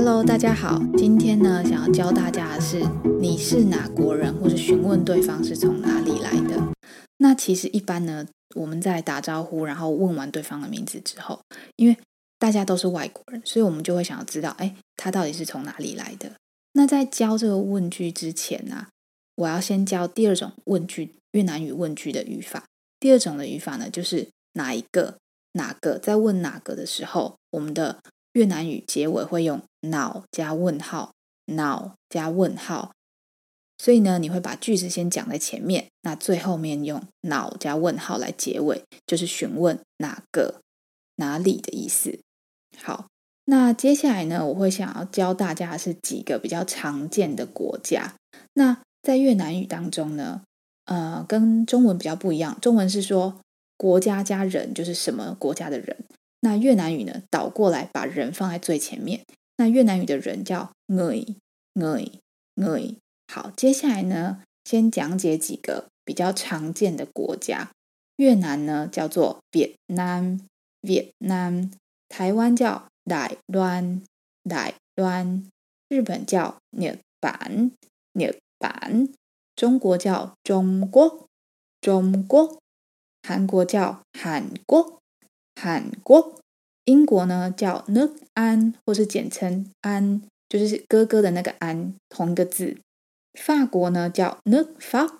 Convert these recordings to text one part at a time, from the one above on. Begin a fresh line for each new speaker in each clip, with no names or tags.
Hello，大家好。今天呢，想要教大家的是你是哪國人，或者詢問對方是從哪裡來的。那其實一般呢，我們在打招呼，然後問完對方的名字之後，因為大家都是外國人，所以我們就會想要知道，哎，他到底是從哪裡來的。那在教這個問句之前呢、啊，我要先教第二種問句，越南語問句的語法。第二種的語法呢，就是哪一個、哪個，在問哪個的時候，我們的。越南語結尾會用 nào 加問號 nào 加問號，所以呢，你會把句子先講在前面，那最後面用 “nào” 加問號來結尾，就是詢問哪個、哪裡的意思。好，那接下來呢，我會想要教大家的是幾個比較常見的國家。那在越南語當中呢，呃，跟中文比較不一樣，中文是說國家加人，就是什麼國家的人。那越南語呢？倒過來，把人放在最前面。那越南語的人叫 người、嗯嗯嗯。好，接下來呢，先講解幾個比較常見的國家。越南呢，叫做 Việt Nam、Việt Nam。台灣叫 Đài Loan、Đài Loan。日本叫 Nhật Bản、Nhật Bản。中國叫 Trung Quốc、Trung Quốc。韓國叫 Hàn Quốc。韓國、英國呢叫 nước Anh，或是簡稱 Anh，就是哥哥的那個 Anh，同一個字。法國呢叫 nước Pháp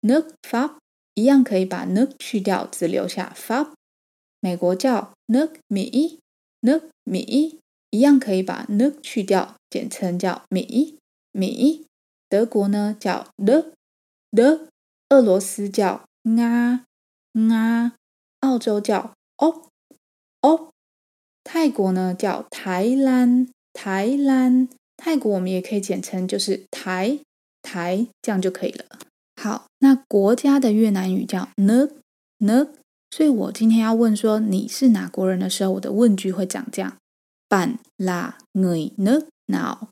nước Pháp 一樣可以把 nước 去掉，只留下 Pháp。美國叫 nước Mỹ nước Mỹ 一樣可以把 nước 去掉，簡稱叫 Mỹ，Mỹ。德國呢叫 Đức，Đức。俄羅斯叫 Nga，Nga。澳洲叫 Úc。哦泰國呢叫台蘭。台蘭泰國我們也可以簡稱就是台台這樣就可以了好那國家的越南語叫呢呢所以我今天要問說你是哪國人的時候我的問句會講這樣班啦內呢 now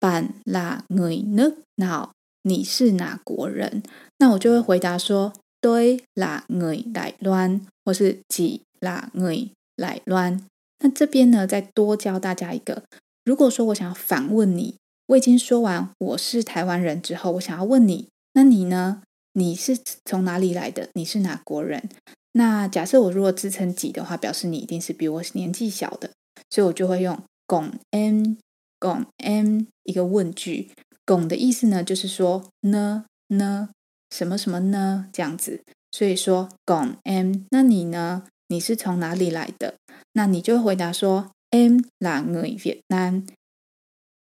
班啦內呢 now 你是哪國人那我就會回答說對啦內來亂或是幾啦內來亂，那這邊呢？再多教大家一個。如果說我想要反問你，我已經說完我是台灣人之後，我想要問你，那你呢？你是從哪裡來的？你是哪國人？那假設我如果自稱己的話，表示你一定是比我年紀小的，所以我就會用「Còn em」、「Còn em」一個問句。「Còn」的意思呢，就是說呢呢什麼什麼呢這樣子。所以說「Còn em」，那你呢？你是從哪裡來的？那你就會回答說：Em là người Việt Nam.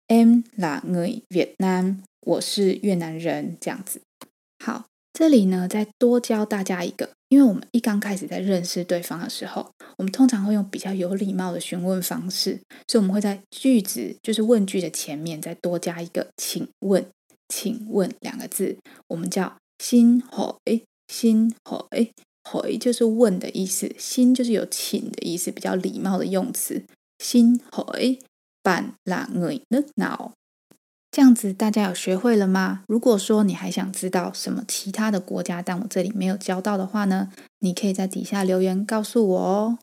Em là người Việt Nam. 我是越南人，這樣子。好，這裡呢，再多教大家一個，因為我們一剛開始在認識對方的時候，我們通常會用比較有禮貌的詢問方式，所以我們會在句子，就是問句的前面，再多加一個“請問，請問”兩個字，我們叫 “Xin hỏi，Xin hỏi”。回就是問的意思，心就是有請的意思，比較禮貌的用詞。心回半拉內呢腦。這樣子大家有學會了嗎？如果說你還想知道什麼其他的國家，但我這裡沒有教到的話呢，你可以在底下留言告訴我哦。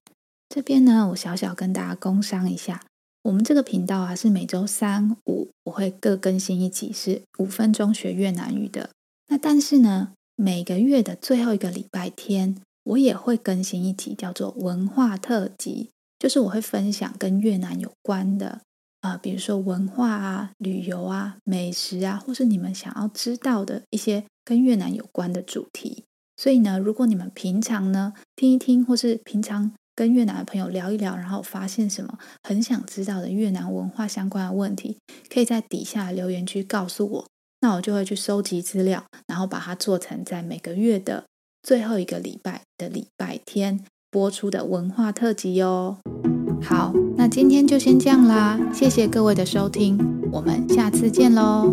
這邊呢，我小小跟大家工商一下，我們這個頻道啊是每週三、五我會各更新一集，是五分鐘學越南語的。那但是呢？每個月的最後一個禮拜天，我也會更新一集叫做“文化特輯”，就是我會分享跟越南有關的，呃，比如說文化啊、旅遊啊、美食啊，或是你們想要知道的一些跟越南有關的主題。所以呢，如果你們平常呢，聽一聽，或是平常跟越南的朋友聊一聊，然後發現什麼很想知道的越南文化相關的問題，可以在底下留言區告訴我。那我就會去收集資料，然後把它做成在每個月的最後一個禮拜的禮拜天播出的文化特輯哦。好，那今天就先這樣啦，謝謝各位的收聽，我們下次見嘍。